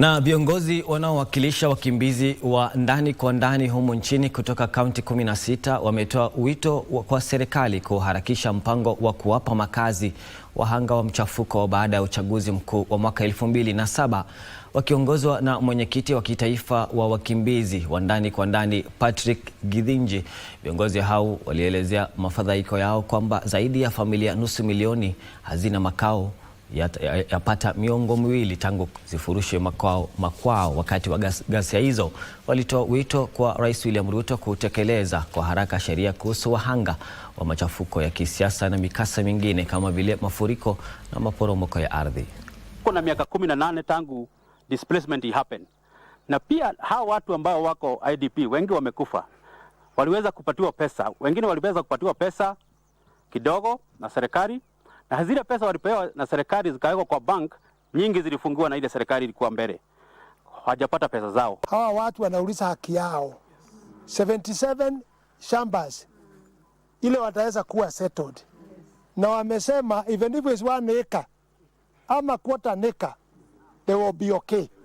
Na viongozi wanaowakilisha wakimbizi wa ndani kwa ndani humu nchini kutoka kaunti 16 wametoa wito kwa serikali kuharakisha mpango wa kuwapa makazi wahanga wa mchafuko baada ya uchaguzi mkuu wa mwaka 2007. Wakiongozwa na mwenyekiti wa kitaifa wa wakimbizi wa ndani kwa ndani Patrick Githinji, viongozi hao walielezea mafadhaiko yao kwamba zaidi ya familia nusu milioni hazina makao yapata ya, ya miongo miwili tangu zifurushwe makwao, makwao. Wakati wa ghasia hizo walitoa wito kwa Rais William Ruto kutekeleza kwa haraka sheria kuhusu wahanga wa machafuko ya kisiasa na mikasa mingine kama vile mafuriko na maporomoko ya ardhi. Kuna miaka nane tangu displacement happen, na pia hawa watu ambao wako IDP wengi wamekufa, waliweza kupatiwa pesa, wengine waliweza kupatiwa pesa kidogo na serikali na zile pesa walipewa na serikali zikawekwa kwa bank, nyingi zilifungiwa na ile serikali ilikuwa mbele, hawajapata pesa zao. Hawa watu wanauliza haki yao. 77 shambas ile wataweza kuwa settled, na wamesema even if it's one acre ama quarter acre they will be okay.